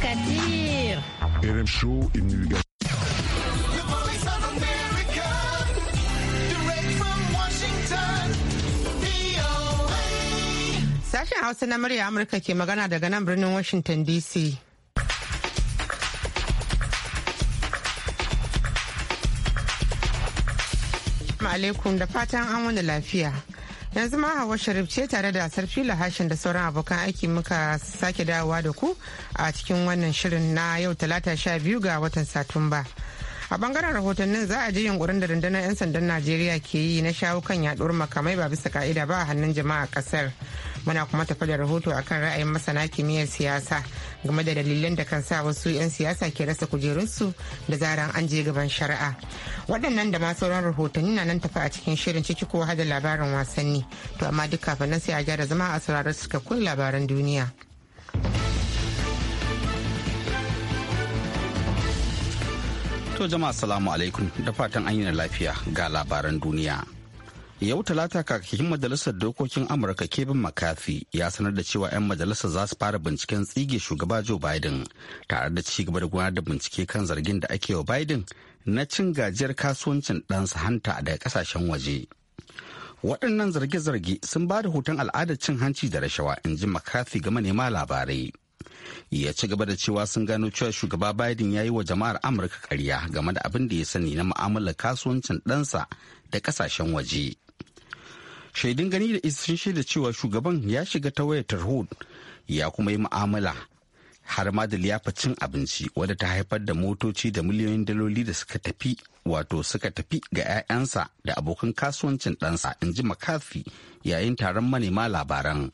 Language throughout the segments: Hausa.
Radio Sashen Hausa na murya Amurka ke magana daga nan birnin Washington DC. Ma'alaikum da fatan an wani lafiya. yanzu ma hawa sharif ce tare da sarfi lahashin da sauran abokan aiki muka sake dawowa da ku a cikin wannan shirin na yau talata sha biyu ga watan satumba a bangaren rahotannin za a ji yunkurin da rundunar 'yan sandan najeriya ke yi na shawo kan yaduwar makamai ba bisa ka'ida ba a hannun jama'a kasar muna kuma tafi da rahoto akan ra'ayin masana kimiyyar siyasa game da dalilan da kan sa wasu 'yan siyasa ke rasa kujerunsu da zaran an je gaban shari'a waɗannan da ma sauran rahotanni na nan tafi a cikin shirin ciki ko hada labarin wasanni to amma duk kafin nan sai a gyara zama a sauraron cikakkun labaran duniya to jama'a salamu alaikum da fatan an yi lafiya ga labaran duniya yau talata kakakin majalisar dokokin amurka kevin mccarthy ya sanar da cewa 'yan majalisar za su fara binciken tsige shugaba joe biden tare da cigaba da gudanar da bincike kan zargin da ake wa biden na cin gajiyar kasuwancin ɗansa hanta daga kasashen waje waɗannan zarge-zarge sun ba da hoton al'adar cin hanci da rashawa in ji mccarthy ga manema labarai ya ci gaba da cewa sun gano cewa shugaba biden ya yi wa jama'ar amurka karya game da abin da ya sani na mu'amalar kasuwancin ɗansa da kasashen waje shaidun gani da sun shaida cewa shugaban ya shiga ta wayar tarho ya kuma yi mu'amala har ma da liyafacin abinci wadda ta haifar da motoci da miliyoyin daloli da suka tafi wato suka tafi ga 'ya'yansa da abokan kasuwancin ɗansa in ji makafi yayin taron manema labaran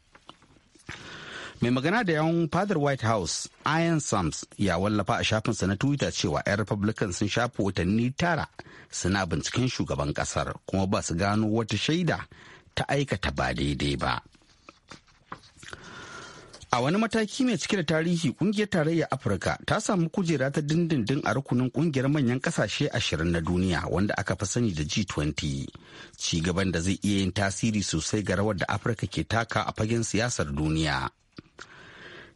mai magana da yawon fadar white house ian sams ya wallafa a shafinsa na twitter cewa 'yan republican sun shafi watanni tara suna binciken shugaban kasar kuma ba su gano wata shaida ta aikata ba daidai ba. A wani mataki mai cike da tarihi kungiyar tarayyar Afirka ta samu kujera ta dindindin a rukunin kungiyar manyan kasashe ashirin na duniya wanda aka fi sani da G20. Ci gaban da zai iya yin tasiri sosai ga rawar da Afirka ke taka a fagen siyasar duniya.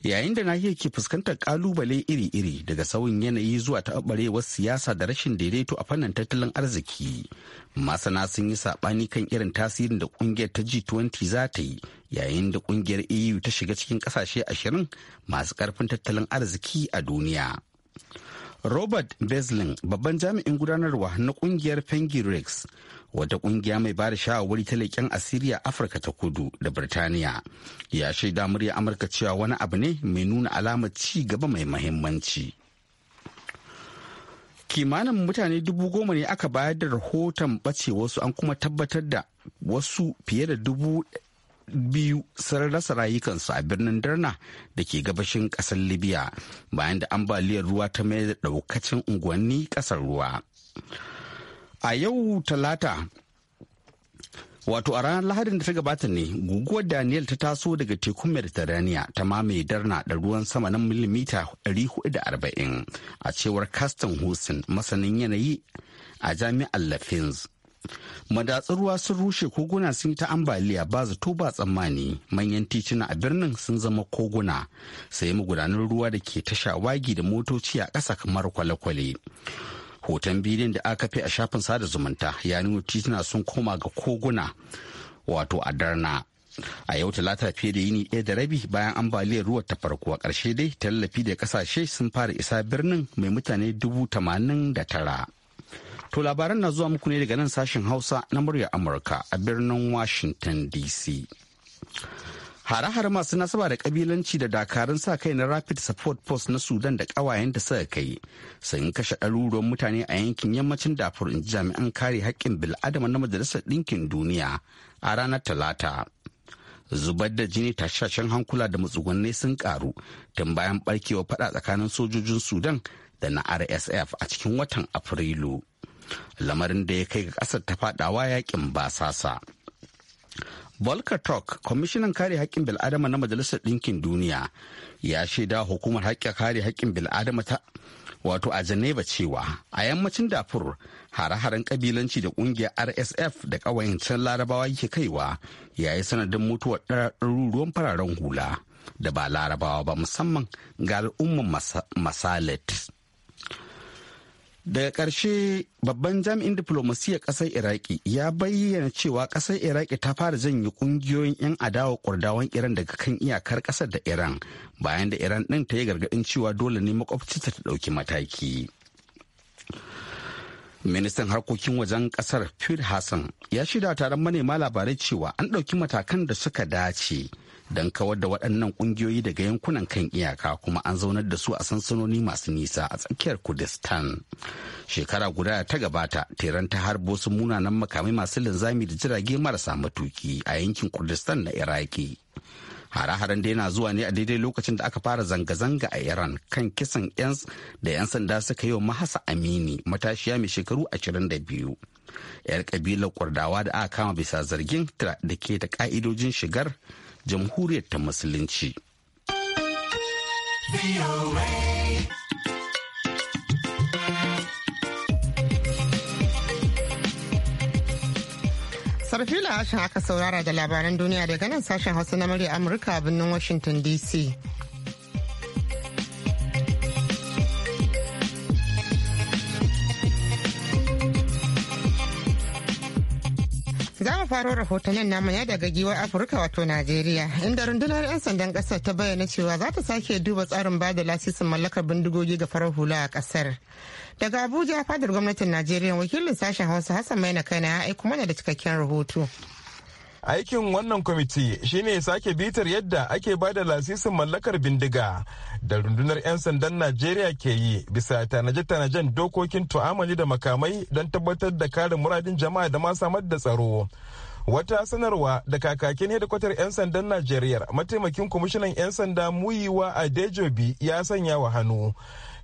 yayin da nahiyar ke fuskantar kalubale iri-iri daga sauyin yanayi zuwa taɓarewar siyasa da rashin daidaito a fannin tattalin arziki masana sun yi saɓani kan irin tasirin da ƙungiyar ta g20 za ta yi yayin da ƙungiyar eu ta shiga cikin ƙasashe ashirin masu ƙarfin tattalin arziki a duniya Robert Beslin babban jami'in gudanarwa na kungiyar Pengirex wata kungiya mai bada shawarwari ta leken asiriya Afirka ta kudu da Birtaniya ya shaida murya Amurka cewa wani abu ne mai nuna alamar ci gaba mai mahimmanci. kimanin mutane dubu goma ne aka bayar da rahoton ɓace wasu an kuma tabbatar da wasu fiye da dubu biyu sun rasa rayukansu a birnin darna da ke gabashin kasar libya bayan da ambaliyar ruwa ta mai da daukacin unguwanni ƙasar ruwa a yau talata wato a ranar lahadin da ta gabata ne guguwar daniel ta taso daga tekun mediterania ta mamaye darna da ruwan sama na milimita 440 a cewar kastan hussein masanin yanayi a jami'ar lafins Madatsar ruwa sun rushe koguna sun ta ambaliya ba zato ba tsammani manyan tituna a birnin sun zama koguna sai magudanar ruwa da ke tasha wagi da motoci a ƙasa kamar kwale-kwale. Hoton bidiyon da aka fi a shafin sada zumunta ya nuna tituna sun koma ga koguna wato a darna. a yau talata fiye da yini ɗaya da rabi bayan ambaliyar ruwa ta farko a ƙarshe dai tallafi da ƙasashe sun fara isa birnin mai mutane dubu tamanin da tara. To labaran na zuwa muku ne daga nan sashen Hausa na muryar Amurka a birnin Washington DC. Hare-hare masu nasaba da kabilanci da dakarun sa kai na Rapid Support Force na Sudan da kawayen da suka kai sun kashe ɗaruruwan mutane a yankin yammacin dafur in jami'an kare haƙƙin bil'adama na Majalisar Ɗinkin Duniya a ranar Talata. zubar da jini tashashen hankula da matsugunai sun karu tun bayan barkewa fada tsakanin sojojin sudan da na rsf a cikin watan afrilu lamarin da ya kai ga ƙasar ta faɗawa yakin basasa. Volker Turk, kwamishinan kare haƙƙin bil'adama na Majalisar Ɗinkin Duniya, ya shaida hukumar haƙƙa kare haƙƙin bil'adama ta wato a Geneva cewa a yammacin dafur hare-haren kabilanci da ƙungiyar RSF da ƙawayancin larabawa yake kaiwa ya yi sanadin mutuwar ɗaruruwan fararen hula da ba larabawa ba musamman ga al'umman masalet daga ƙarshe babban jami'in diflomasiyyar ƙasar iraki ya bayyana cewa ƙasar iraki ta fara janye ƙungiyoyin 'yan adawa kurdawan iran daga kan iyakar ƙasar da iran bayan da iran ɗin ta yi gargaɗin cewa dole ne makwabcinta ta ɗauki mataki ministan harkokin wajen ƙasar fir hassan ya shida taron manema labarai cewa an ɗauki matakan da suka dace don kawar da waɗannan ƙungiyoyi daga yankunan kan iyaka kuma an zaunar da su a sansanoni masu nisa a tsakiyar kurdistan shekara guda ta gabata teran ta harbo su munanan makamai masu linzami da jirage marasa matuki a yankin kurdistan na iraki hare-haren da yana zuwa ne a daidai lokacin da aka fara zanga-zanga a iran kan kisan 'yan da 'yan sanda suka yi wa mahasa amini matashiya mai shekaru ashirin da biyu 'yar kabilar kurdawa da aka kama bisa zargin da ke da ka'idojin shigar jamhuriyar ta musulunci. sarfila hashin aka saurara da labaran duniya daga nan sashen hausa na murya amurka a birnin washington dc faro rahotannin namu ya daga giwar Afirka wato Najeriya inda rundunar 'yan sandan kasar ta bayyana cewa za ta sake duba tsarin ba da lasisin mallakar bindigogi ga farar hula a kasar. Daga Abuja fadar gwamnatin Najeriya wakilin sashen Hausa Hassan Maina Kaina ya aiko mana da cikakken rahoto. aikin wannan kwamiti shine sake bitar yadda ake ba da lasisin mallakar bindiga da rundunar 'yan sandan najeriya ke yi bisa tanaje-tanajen dokokin tu'amali da makamai don tabbatar da kare muradin jama'a da ma samar da tsaro wata sanarwa da kakakin hedikwatar 'yan sandan najeriya mataimakin kwamishinan 'yan sanda muyiwa dejobi ya sanya wa hannu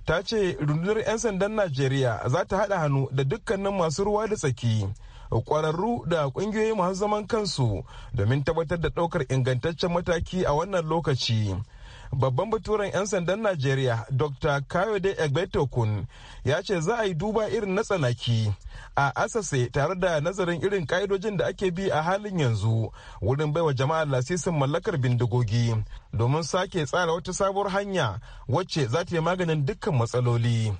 ta ce rundunar 'yan sandan najeriya za ta hada hannu da dukkanin masu ruwa da tsaki kwararru da kungiyoyi masu zaman kansu domin tabbatar da ɗaukar ingantaccen mataki a wannan lokaci. babban baturen 'yan sandan najeriya dr kayode egbetokun ya ce za a yi duba irin na tsanaki a asase tare da nazarin irin ka'idojin da ake bi a halin yanzu wurin baiwa jama'a lasisin mallakar bindigogi domin sake tsara wata sabuwar hanya wacce za ta yi maganin dukkan matsaloli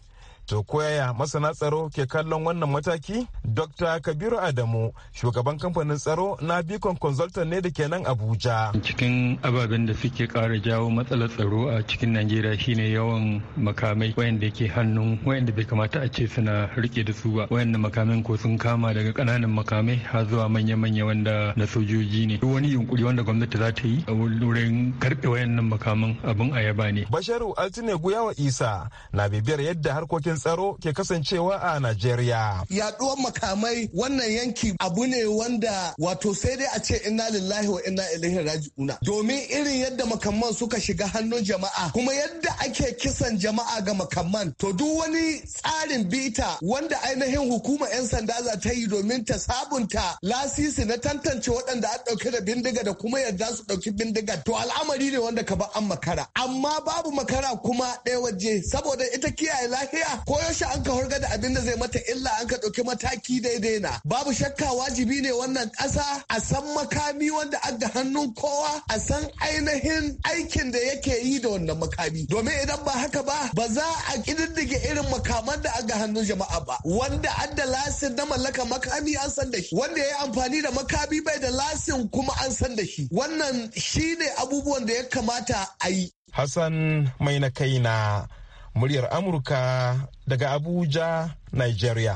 To koyaya masana tsaro ke kallon wannan mataki? Dr. Kabiru Adamu, shugaban kamfanin tsaro na Bikon Consultant ne da ke nan Abuja. Cikin ababen da suke kara jawo matsalar tsaro a cikin Najeriya shine yawan makamai wayanda ke hannun wayanda bai kamata a ce suna rike da su ba. Wayanda makamin ko sun kama daga kananan makamai har zuwa manya-manya wanda na sojoji ne. Duk wani yunkuri wanda gwamnati za ta yi a wurin karɓe wayannan makaman abin ayaba ne. Basharu altine guyawa Isa na bibiyar yadda harkokin tsaro ke kasancewa a Najeriya. Yaduwar makamai wannan yanki abu ne wanda wato sai dai a ce inna lillahi wa ilahin ilaihi raji'una. Domin irin yadda makamman suka shiga hannun jama'a kuma yadda ake kisan jama'a ga makamman to duk wani tsarin bita wanda ainihin hukuma 'yan sanda za ta yi domin ta sabunta lasisi na tantance waɗanda a ɗauke da bindiga da kuma yadda su ɗauki bindiga to al'amari ne wanda ka ba an makara amma babu makara kuma ɗaya waje saboda ita kiyaye lafiya ko yaushe an ka horgar da abin da zai mata illa an ka ɗauki mataki daidai na babu shakka wajibi ne wannan ƙasa a san makami wanda ga hannun kowa a san ainihin aikin da yake yi da wannan makami domin idan ba haka ba ba za a ƙididdige irin makaman da ga hannun jama'a ba wanda adda lasin na mallaka makami an san da shi wanda ya yi amfani da makami bai da lasin kuma an san da shi wannan shine abubuwan da ya kamata a yi Hassan mai na kaina muryar amurka daga abuja nigeria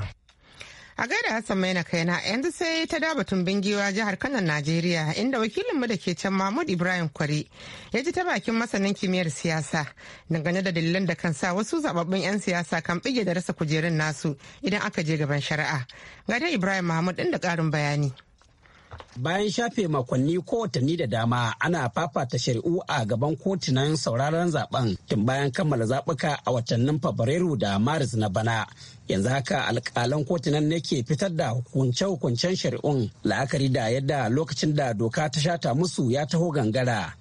a gaida hassan maina kaina yanzu sai ta daba tumbin giwa jihar kano najeriya inda wakilinmu da ke can mahmud ibrahim kwari ya ji ta bakin masanin kimiyyar siyasa dangane da dalilan da kan sa wasu zababbin 'yan siyasa kan bige da rasa kujerun nasu idan aka je gaban shari'a Gada ibrahim mahmud din da karin bayani bayan shafe makonni ko watanni da dama ana fafata shari'u a gaban kotunan sauraron zaben tun bayan kammala zaɓuka a watannin fabrairu da maris na bana yanzu haka alƙalan kotunan ne ke fitar da hukunce-hukuncen shari'un la'akari da yadda lokacin da doka ta shata musu ya taho gangara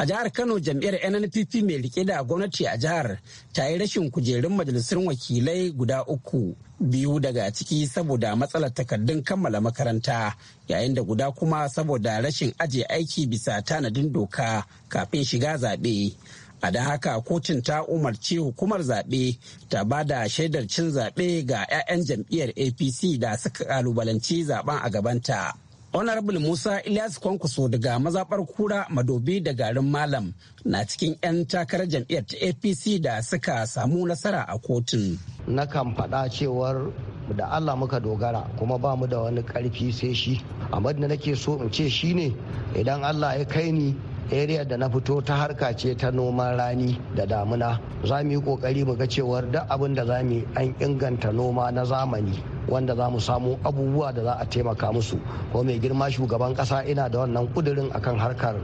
A jihar Kano jam'iyyar NNPP mai rike da gwamnati a jihar ta yi rashin kujerun majalisun wakilai guda uku biyu daga ciki saboda matsalar takardun kammala makaranta yayin da guda kuma saboda rashin ajiye aiki bisa tanadin doka kafin shiga zaɓe. a da haka kotun ta umarci hukumar zaɓe ta ba da shaidar cin zaɓe ga 'ya'yan jam'iyyar apc da suka kalubalanci zaben a gabanta honorable musa ilyas kwankwaso daga mazaɓar kura madobi da garin malam na cikin 'yan takarar jam'iyyar ta apc da suka samu nasara a kotun nakan faɗa cewar da allah muka dogara kuma ba mu da wani karfi sai shi amma da nake so in ce shi ne idan allah ya kai ni area da na fito ta harka ce ta noman rani da damuna za mu yi kokari mu ga cewar duk abin da za mu an inganta noma na zamani wanda za mu samu abubuwa da za a taimaka musu ko mai girma shugaban kasa ina da wannan kudirin akan harkar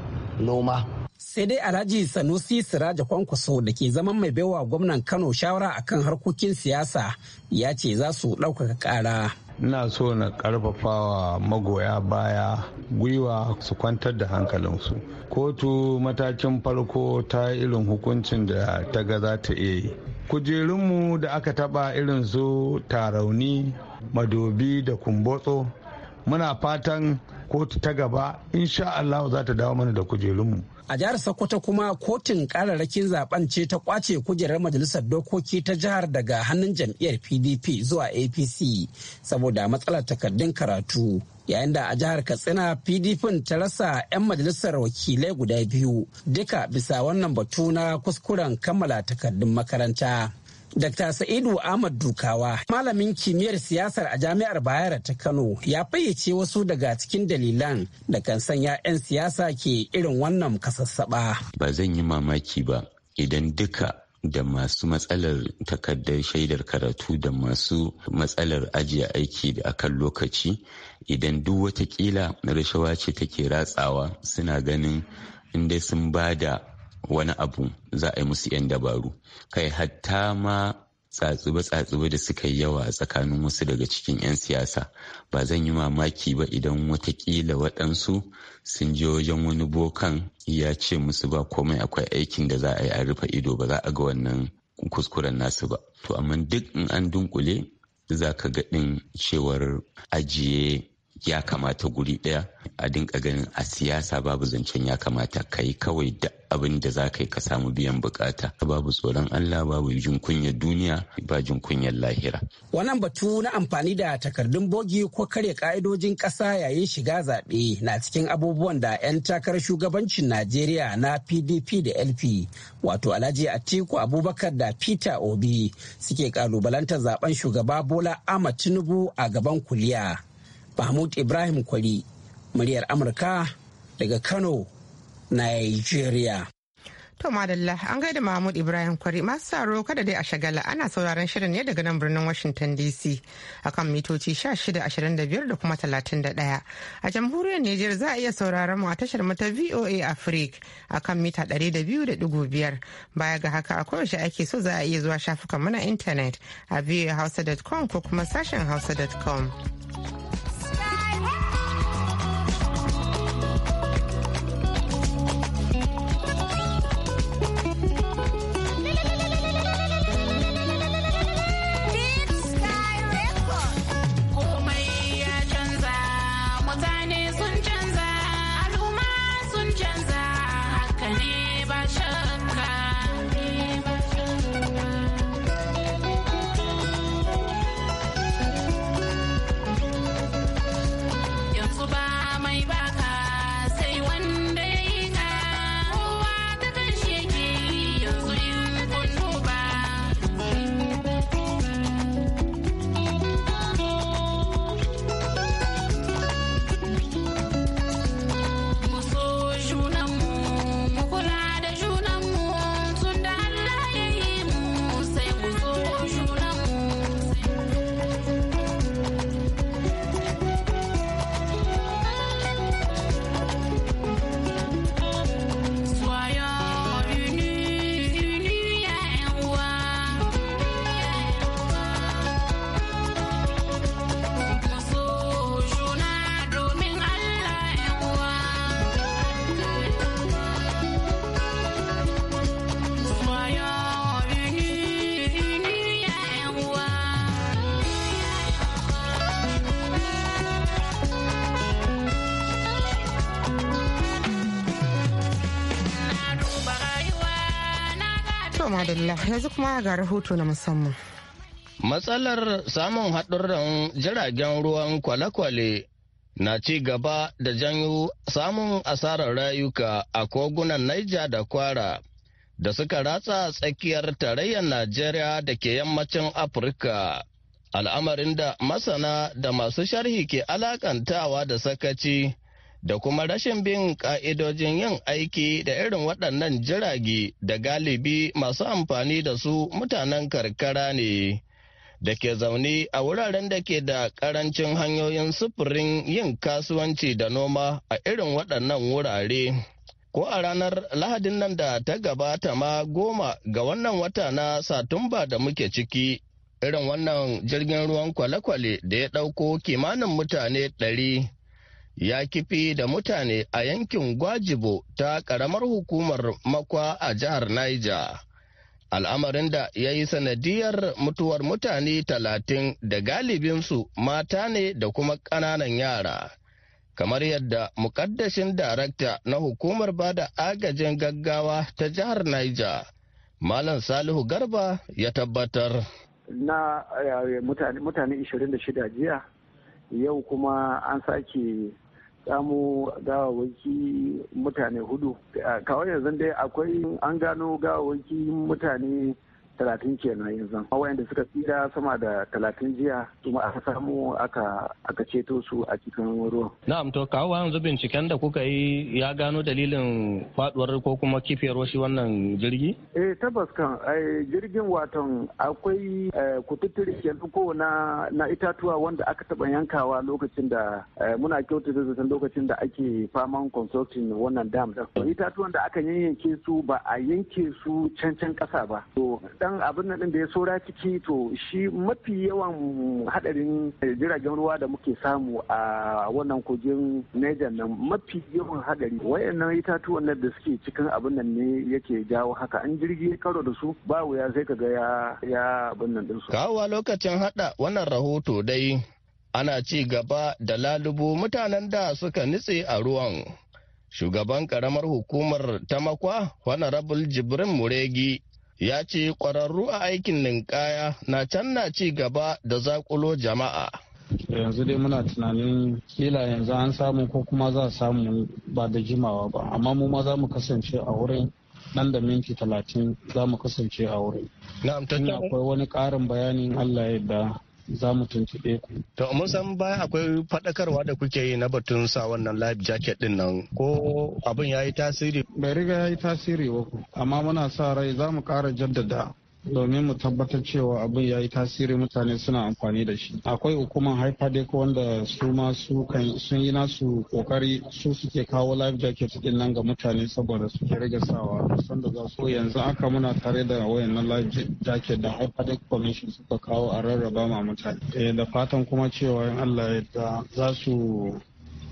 noma sai dai alhaji sanusi siraja kwankwaso da ke zaman mai baiwa gwamnan kano shawara akan harkokin siyasa ya ce za su ɗaukaka ƙara ina so na ƙarfafawa magoya baya gwiwa su kwantar da hankalinsu kotu matakin farko ta irin hukuncin da ta ga za ta iya yi kujerunmu da aka taba irin su tarauni madobi da kumbotso muna fatan kotu ta gaba insha Allah za ta dawo mana da kujerunmu a jihar sokoto kuma kotun kararrakin zaben ce ta kwace kujerar majalisar dokoki ta jihar daga hannun jam'iyyar pdp zuwa apc saboda matsalar takardun karatu yayin da a jihar katsina pdp ta rasa 'yan majalisar wakilai guda biyu duka bisa wannan batu na kuskuren kammala takardun makaranta Dr. Sa'idu Ahmad Dukawa, malamin kimiyyar siyasar a Jami'ar Bayero ta Kano, ya fayyace wasu daga cikin dalilan da kan sanya 'yan siyasa ke irin wannan kasassaba. Ba zan yi mamaki ba idan duka da masu matsalar takardar shaidar karatu da masu matsalar ajiye aiki da akan lokaci idan duk watakila rashawa ce take ratsawa suna ganin inda sun bada da wani abu za a yi musu 'yan dabaru kai hatta ma tsatsube-tsatsube da suka yi yawa tsakanin wasu daga cikin 'yan siyasa ba zan yi mamaki ba idan watakila waɗansu sun je wajen wani bokan ya ce musu ba komai akwai aikin da za a yi a rufe ido ba za a ga wannan kuskuren nasu ba to amma duk in an dunkule za ka ga ɗin cewar ajiye ya kamata guri ɗaya a dinka ganin a siyasa babu zancen ya kamata Ka yi kawai da abin da za ka yi ka samu biyan bukata babu tsoron Allah babu jin kunyar duniya ba jin kunyar lahira. Wannan batu na amfani da takardun bogi ko karya ka'idojin ƙasa yayin shiga zaɓe na cikin abubuwan da 'yan takarar shugabancin Najeriya na PDP da LP wato Alhaji Atiku Abubakar da Peter Obi suke kalubalantar zaben shugaba Bola Ahmad Tinubu a gaban kuliya. Mahmud Ibrahim Kwari, muryar Amurka daga Kano, Nigeria. To madalla an gaida Mahmud Ibrahim Kwari masu saro kada dai a shagala ana sauraron shirin ne daga nan birnin Washington DC akan mitoci 1625 da kuma 31. A jamhuriyar Nijar za a iya sauraron mu a tashar mata VOA Africa akan mita 200.5 baya ga haka a kowace ake so za a iya zuwa shafukan mana intanet a voahausa.com ko kuma sashen hausa.com. madalla yanzu kuma ga rahoto na musamman. Matsalar samun haɗurran jiragen ruwan kwale-kwale na ci gaba da janyo samun asarar rayuka a kogunan Naija da Kwara da suka ratsa tsakiyar tarayyar Najeriya da ke yammacin Afirka. Al'amarin da masana da masu sharhi ke alakantawa da sakaci da kuma rashin bin ka'idojin yin aiki da irin waɗannan jirage da galibi masu amfani da su mutanen karkara ne da ke zaune a wuraren da ke da ƙarancin hanyoyin sufurin yin kasuwanci da noma a irin waɗannan wurare. Ko a ranar Lahadin nan da ta gabata ma goma ga wannan wata na Satumba da muke ciki, irin wannan jirgin ruwan kwale-kwale da ya ɗauko kimanin mutane ɗari. ya kifi da mutane a yankin Gwajibo ta ƙaramar hukumar Makwa a jihar Niger. Al'amarin da ya yi sanadiyar mutuwar mutane talatin da galibinsu mata ne da kuma ƙananan yara. Kamar yadda mukaddashin darakta na hukumar bada agajin gaggawa ta jihar Niger, Malam Salihu Garba ya tabbatar. Na eh, mutane 26 jiya, yau kuma an sake samu gawawaki mutane hudu kawai yanzu dai akwai an gano gawawaki mutane talatin kenan yanzu da suka tsira sama da talatin jiya kuma aka samu aka aka ceto su a cikin ruwa na'am to kawo yanzu binciken da kuka yi ya gano dalilin faduwar ko kuma kifiyar shi wannan jirgi eh tabbas kan jirgin waton akwai eh, kututture kenan ko na itatuwa wanda aka taba yankawa lokacin da eh, muna da zaton lokacin da ake faman constructing wannan dam itatuwan da aka yanyanke su ba a yanke su cancan can kasa ba to dan abin nan da ya sora ciki to shi mafi yawan haɗarin jiragen ruwa da muke samu a wannan kogin Niger nan mafi yawan hadari wayannan itatuwan da suke cikin abin nan ne yake jawo haka an jirgi karo da su ba wuya sai kaga ya ya abin nan din su kawowa lokacin hada wannan rahoto dai ana ci gaba da lalubo mutanen da suka nitse a ruwan shugaban karamar hukumar ta tamakwa honorable jibrin muregi ya ce kwararru a aikin ninkaya na can na ci gaba da zakulo jama'a. yanzu dai muna tunanin kila yanzu an samu ko kuma za a samu ba da jimawa ba amma mu ma za mu kasance a wurin nan da minti talatin za mu kasance a wurin. Na'am akwai wani ƙarin bayanin Allah yadda za mu tuntuɓe ku. To mun san bayan akwai faɗakarwa da kuke yi na batun sa wannan life jacket din nan ko abin ya yi tasiri. Bai riga ya yi tasiri ba amma muna sa rai za mu ƙara jaddada domin mu tabbatar cewa abin ya yi tasiri mutane suna amfani da shi akwai hukumar haifadeko wanda su ma su sun yi nasu kokari su suke kawo life jacket din nan ga mutane saboda suke rage sawa sanda za su yanzu aka muna tare da wayannan life jacket da haifadeko commission suka kawo a rarraba ma mutane eh, da fatan kuma cewa in allah ya za su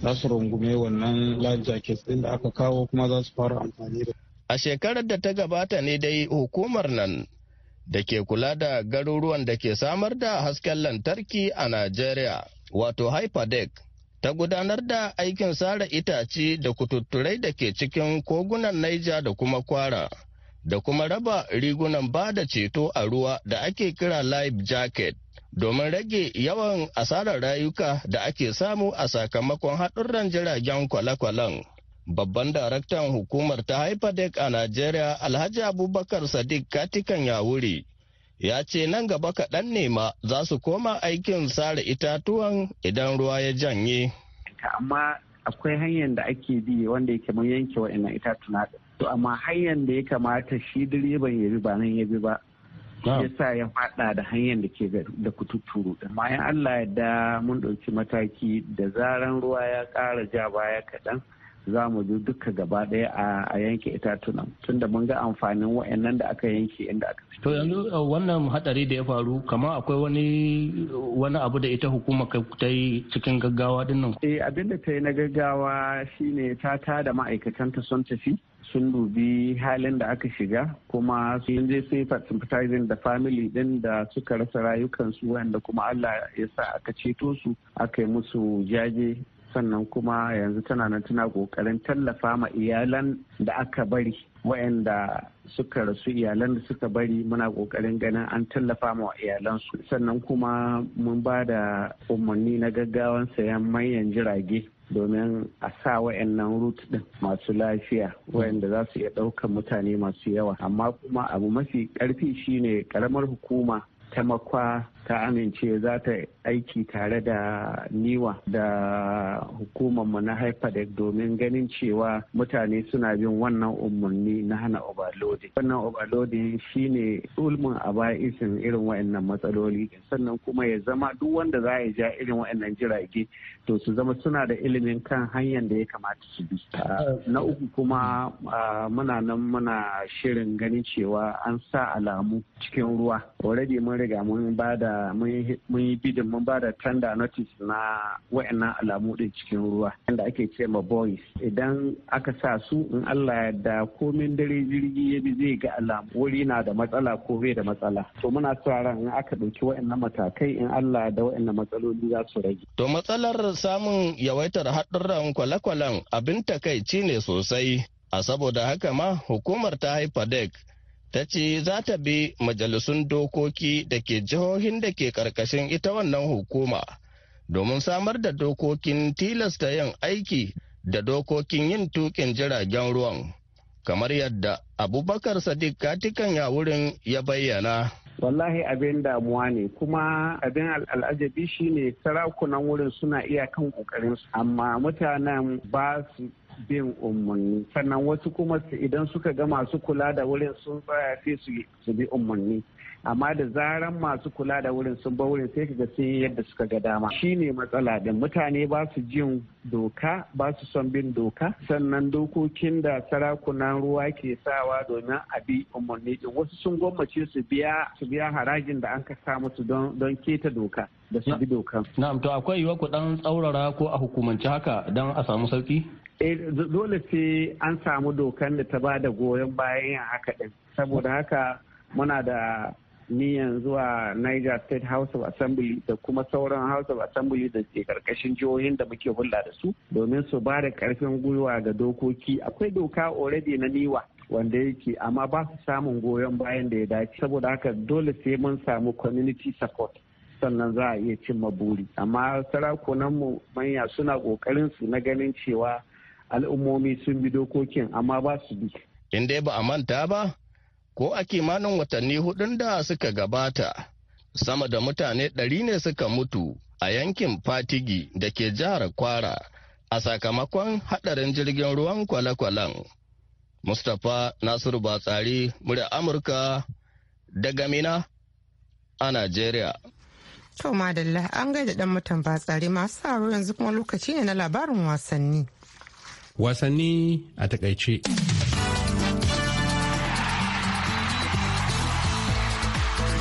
za su rungume wannan life jacket din da aka kawo kuma za su fara amfani da a shekarar da ta gabata ne dai hukumar nan da ke kula da garuruwan da ke samar da hasken lantarki a Najeriya, wato Hyperdeck, ta gudanar da aikin sare itace da kututturai da ke cikin kogunan Niger da kuma Kwara, da kuma raba rigunan ba da ceto a ruwa da ake kira Live jacket. Domin rage yawan asarar rayuka da ake samu a sakamakon haɗurran jiragen kwale-kwalen. Babban daraktan hukumar ta Hyperdeck a Najeriya Alhaji Abubakar Sadiq Katikan Yawuri ya ce nan gaba kaɗan ne ma za su koma aikin sare itatuwan idan ruwa ya janye. Amma akwai hanyar da ake bi wanda yake mun yanke wa'annan itatuna to amma hanyar da ya kamata shi direban ya bi ba nan ya bi ba ya sa ya fada da hanyar da ke da kututuru amma ya Allah ya da mun ɗauki mataki da zaran ruwa ya ƙara ja baya kaɗan za mu bi duka gaba ɗaya a yanke itatunan tunda mun ga amfanin wa'annan da aka yanke inda aka to yanzu uh, wannan hadari da ya faru kama akwai wani wani abu da ita hukuma ta yi cikin gaggawa dinnan eh abin da ta yi na gaggawa shine ta ma'aikatan ta sun tafi sun dubi halin da aka shiga kuma sun je sun sympathizing da family din da suka rasa rayukansu wanda kuma Allah ya sa aka ceto su aka yi musu jaje sannan kuma yanzu tana nan tana kokarin tallafa ma iyalan da aka bari waɗanda suka rasu iyalan da suka bari muna kokarin ganin an tallafa ma iyalansu sannan kuma mun ba da umarni na gaggawan sayan manyan jirage domin a sa wa'annan rut din masu lafiya wa'anda za su iya ɗaukar mutane masu yawa amma kuma abu mafi ƙarfi shine ƙaramar hukuma ta ta amince za ta aiki tare da niwa da hukumarmu na haifadek domin ganin cewa mutane suna bin wannan umarni na hana overloading wannan overloading shine ulmin a baya isin irin wa'annan matsaloli sannan kuma ya zama duk wanda za ya ja irin wa'annan jirage to su zama suna da ilimin kan hanyar da ya kamata su bi na uku kuma muna nan muna shirin ganin cewa an sa alamu cikin ruwa already mun riga mun yi bidin mun bada tanda notice na wa'annan alamu din cikin ruwa inda ake ce ma boys idan aka sa su in Allah ya da komin dare jirgi ya bi zai ga alamu wuri na da matsala ko bai da matsala to muna sa ran in aka ɗauki wa'annan matakai in Allah da wa'annan matsaloli za su rage to matsalar matsalar samun yawaitar haɗurran kwale-kwalen abin takaici ne sosai a saboda haka ma hukumar ta haifa dek ta ce za ta bi majalisun dokoki da ke jihohin da ke karkashin ita wannan hukuma domin samar da dokokin tilasta yin aiki da dokokin yin tukin jiragen ruwan kamar yadda abubakar sadiq katikan ya wurin ya bayyana wallahi abin damuwa ne kuma abin al'ajabi shine sarakunan wurin suna iya kan kokarin amma mutanen ba su bin umarni sannan wasu kuma idan suka ga masu kula da wurin sun tsaya sai su bi umarni amma da zaran masu kula da wurin sun ba wurin sai ga sun yadda suka ga dama shine matsala din mutane ba su jin doka ba su son bin doka sannan dokokin da sarakunan ruwa ke sawa domin a bi umarni din wasu sun gwammace su biya su biya harajin da an ka sa musu don keta doka da su bi dokan na'am to akwai yiwa ku dan tsaurara ko a hukumance haka don a samu sauki eh, dole sai an samu dokan da ta ba da goyon bayan haka din saboda haka muna da niyan zuwa niger state house of assembly da kuma sauran house of assembly da ke karkashin jihohin da muke hulɗa da su domin su ba da karfin gwiwa ga dokoki akwai doka already na niwa wanda yake amma ba su samun goyon bayan da ya dace saboda haka dole sai mun samu community support sannan za a iya cimma buri amma sarakunan mu manya suna kokarin su na ganin cewa al'ummomi sun bi dokokin amma ba su bi in dai ba a manta ba ko a kimanin watanni hudun da suka gabata sama da mutane ɗari ne suka mutu a yankin fatigi da ke jihar kwara a sakamakon haɗarin jirgin ruwan kwale-kwalen mustapha nasiru batsari murya amurka daga mina a najeriya to madalla an gaida dan mutan batsari masu saro yanzu kuma lokaci ne na labarin wasanni wasanni a takaice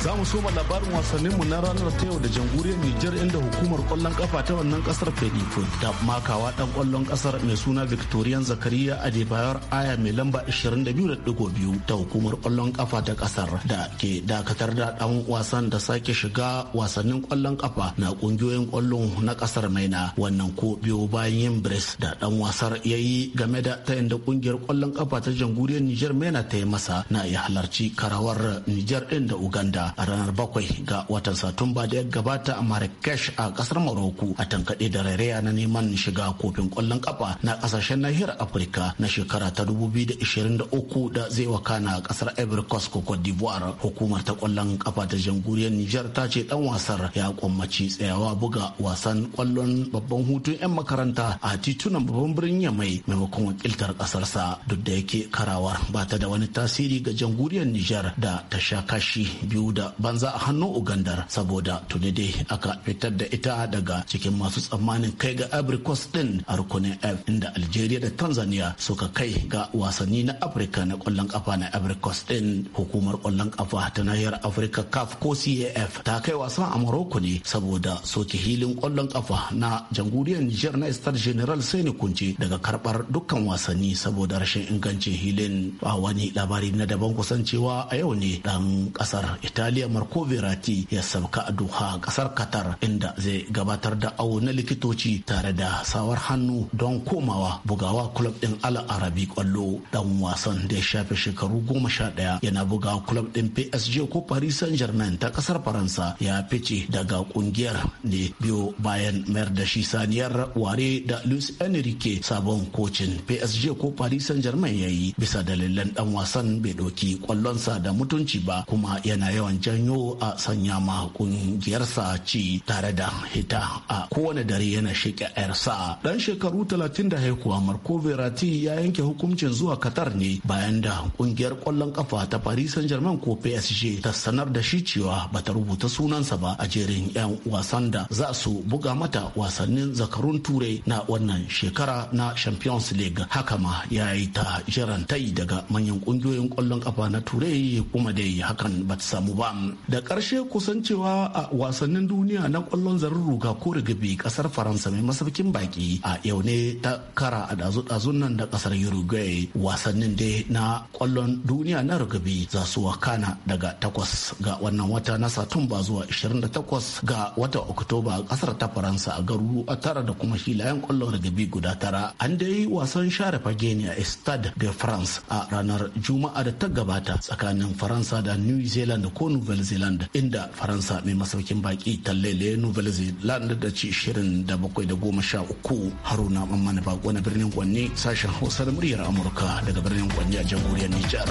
Za mu soma labarin wasannin mu na ranar ta yau da jamhuriyar Nijar inda hukumar kwallon kafa ta wannan kasar Fedipo ta makawa dan kwallon kasar mai suna Victorian Zakariya Adebayor Aya mai lamba 22.2 ta hukumar kwallon kafa ta kasar da ke dakatar da dan wasan da sake shiga wasannin kwallon kafa na kungiyoyin kwallon na kasar maina wannan ko biyo bayan yin bres da dan wasar ya yi game da ta inda kungiyar kwallon kafa ta jamhuriyar Nijar maina ta yi masa na ya halarci karawar Nijar din da Uganda a ranar bakwai ga watan satumba da ya gabata a marrakesh a kasar maroko a tankaɗe da rairaya na neman shiga kofin ƙwallon kafa na ƙasashen nahiyar afirka na shekara ta 2023 da zai wakana a ƙasar ivory coast ko cote d'ivoire hukumar ta kwallon kafa ta jamhuriyar niger ta ce dan wasar ya kwammaci tsayawa buga wasan ƙwallon babban hutun 'yan makaranta a titunan babban birnin yamai maimakon wakiltar ƙasarsa duk da yake karawar ba ta da wani tasiri ga jamhuriyar niger da ta sha kashi biyu da da banza a hannun ugandar saboda tuni dai aka fitar da ita daga cikin masu tsammanin kai ga ivory coast din a rukunin f inda algeria da tanzania suka kai ga wasanni na afirka na kwallon kafa na ivory coast din hukumar kwallon kafa ta nahiyar afirka caf ko caf ta kai wasan a morocco ne saboda soke hilin kwallon kafa na jamhuriyar niger na star general sani kunce daga karbar dukkan wasanni saboda rashin ingancin hilin a wani labari na daban kusancewa a yau ne dan kasar italy Italiya Marco Verratti ya sauka a Doha kasar Qatar inda zai gabatar da awo na likitoci tare da sawar hannu don komawa bugawa club din Al Arabi kwallo dan wasan da ya shafe shekaru goma sha ɗaya yana buga club din PSG ko Paris Saint-Germain ta kasar Faransa ya fice daga kungiyar ne biyo bayan mayar da shi saniyar ware da Luis Enrique sabon kocin PSG ko Paris Saint-Germain ya bisa dalilan dan wasan bai ɗauki kwallonsa da mutunci ba kuma yana yawan janyo a sanya ma kungiyarsa ci tare da hita a kowane dare yana shike yarsa dan shekaru 30 da haihuwa marco verati ya yanke hukuncin zuwa qatar ne bayan da kungiyar kwallon kafa ta paris saint germain ko psg ta sanar da shi cewa bata rubuta sunansa ba a jerin yan wasan da za su buga mata wasannin zakarun turai na wannan shekara na champions league haka ma ya yi ta tai daga manyan kungiyoyin kwallon kafa na turai kuma dai hakan ba ta samu ba Um, da ƙarshe kusancewa a wasannin duniya na kwallon zarin ruga ko rigabi ƙasar faransa mai masaukin baki a yau ne ta kara a dazu-dazun nan da ƙasar uruguay wasannin dai na kwallon duniya na rigabi za su wakana daga 8 ga wannan wata na satumba zuwa 28 ga wata oktoba a ƙasar ta faransa a garu a tara da kuma shilayen kwallon rigabi guda tara an dai wasan share fage a stade de france a ranar juma'a da ta gabata tsakanin faransa da new zealand ko nouvelle zealand inda faransa mai masaukin baki tallele nouvelle zealand da ci shirin da bakwai da goma sha uku haruna mamman bako na birnin kwanne sashen hausa da muryar amurka daga birnin kwanne a jamhuriyar nijar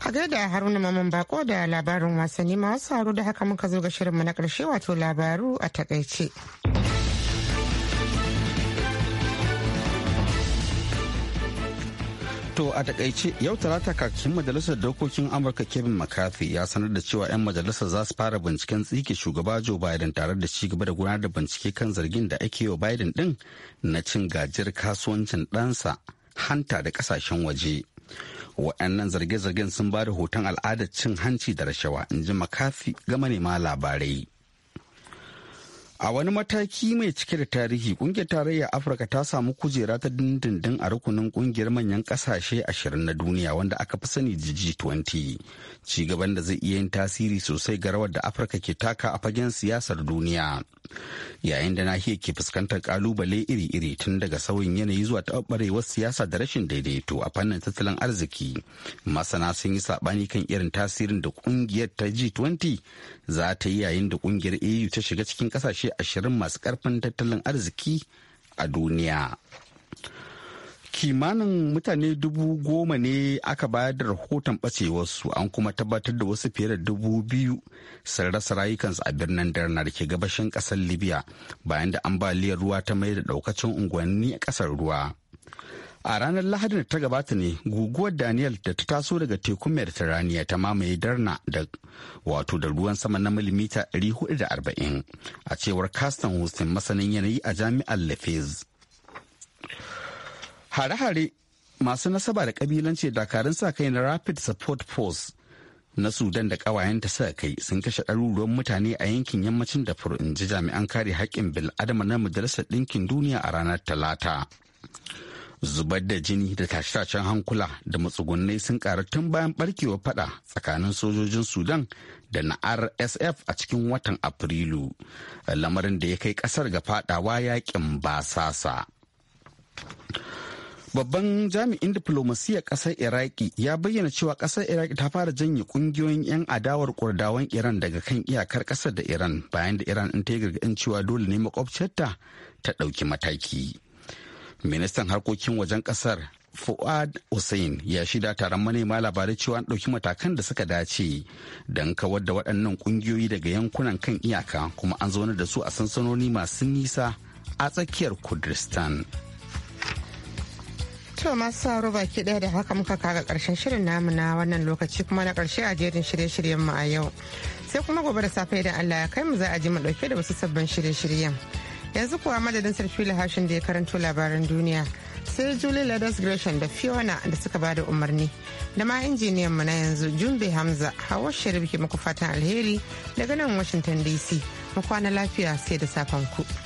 a gaida haruna maman bako da labarin wasanni masu haro da haka muka zo ga shirinmu na karshe wato labaru a takaice. To a takaice yau talata kakakin majalisar dokokin Amurka Kevin McCarthy ya sanar da cewa 'yan majalisa za su fara binciken tsike shugaba Joe Biden tare da ci gaba da gudanar da bincike kan zargin da ake yi wa Biden din na cin gajiyar kasuwancin ɗansa hanta da kasashen waje. wa'annan zarge-zargen sun ba da hoton al'adar cin hanci da rashawa, in ji McCarthy ga manema labarai. A wani mataki mai cike da tarihi kungiyar tarayya Afirka ta samu kujera ta dindindin a rukunin kungiyar manyan kasashe ashirin na duniya wanda aka fi sani da G20. Cigaban da zai iya yin tasiri sosai ga rawar da Afirka ke taka a fagen siyasar duniya. yayin da nahiyar ke fuskantar kalubale iri-iri tun daga sauyin yanayi zuwa taɓarɓarewar siyasa da rashin daidaito a fannin tattalin arziki masana sun yi saɓani kan irin tasirin da ƙungiyar ta g20 za ta yi yayin da ƙungiyar eu ta shiga cikin ƙasashe ashirin masu ƙarfin tattalin arziki a duniya. kimanin mutane dubu goma ne aka bayar da rahoton ɓacewarsu an kuma tabbatar da wasu fiye da dubu biyu sun rasa rayukansu a birnin darna da ke gabashin ƙasar libya bayan da ambaliyar ruwa ta mai da ɗaukacin unguwanni a ƙasar ruwa a ranar lahadin da ta gabata ne guguwar daniel da ta taso daga tekun mediterania ta mamaye darna da wato da ruwan sama na milimita 440 a cewar kastan hussein masanin yanayi a jami'ar lafez hare-hare masu nasaba da kabilanci dakarun sa kai na rapid support force na sudan da kawayenta sa kai sun kashe ɗaruruwan mutane a yankin yammacin da in ji jami'an kare haƙƙin adama na majalisar ɗinkin duniya a ranar talata zubar da jini da tashe-tashen hankula da matsugunnai sun ƙaru tun bayan barkewar fada tsakanin sojojin sudan da na rsf a cikin watan afrilu lamarin da ya kai ƙasar ga fadawa yakin basasa babban jami'in diflomasiyyar kasar iraki ya bayyana cewa kasar iraki ta fara janye kungiyoyin 'yan adawar kurdawan iran daga kan iyakar kasar da iran bayan da iran in ta yi gargadin cewa dole ne makwabciyarta ta ɗauki mataki ministan harkokin wajen kasar fuad hussein ya shida taron manema labarai cewa an ɗauki matakan da suka dace don kawar da waɗannan ƙungiyoyi daga yankunan kan iyaka kuma an zaunar da su a sansanoni masu nisa a tsakiyar kurdistan To masu sauraro baki daya da haka muka kaga karshen shirin namu na wannan lokaci kuma na karshe a jerin shirye-shiryen mu a yau. Sai kuma gobe da safe idan Allah ya kai mu za a ji mu dauke da wasu sabbin shirye-shiryen. Yanzu kuwa madadin sarfi lahashin da ya karanto labaran duniya. Sai Julie Ladas Gresham da Fiona da suka bada umarni. Da ma injiniyan mu na yanzu Jumbe Hamza Hawa Sharif ke muku fatan alheri daga nan Washington DC. Mu kwana lafiya sai da safen ku.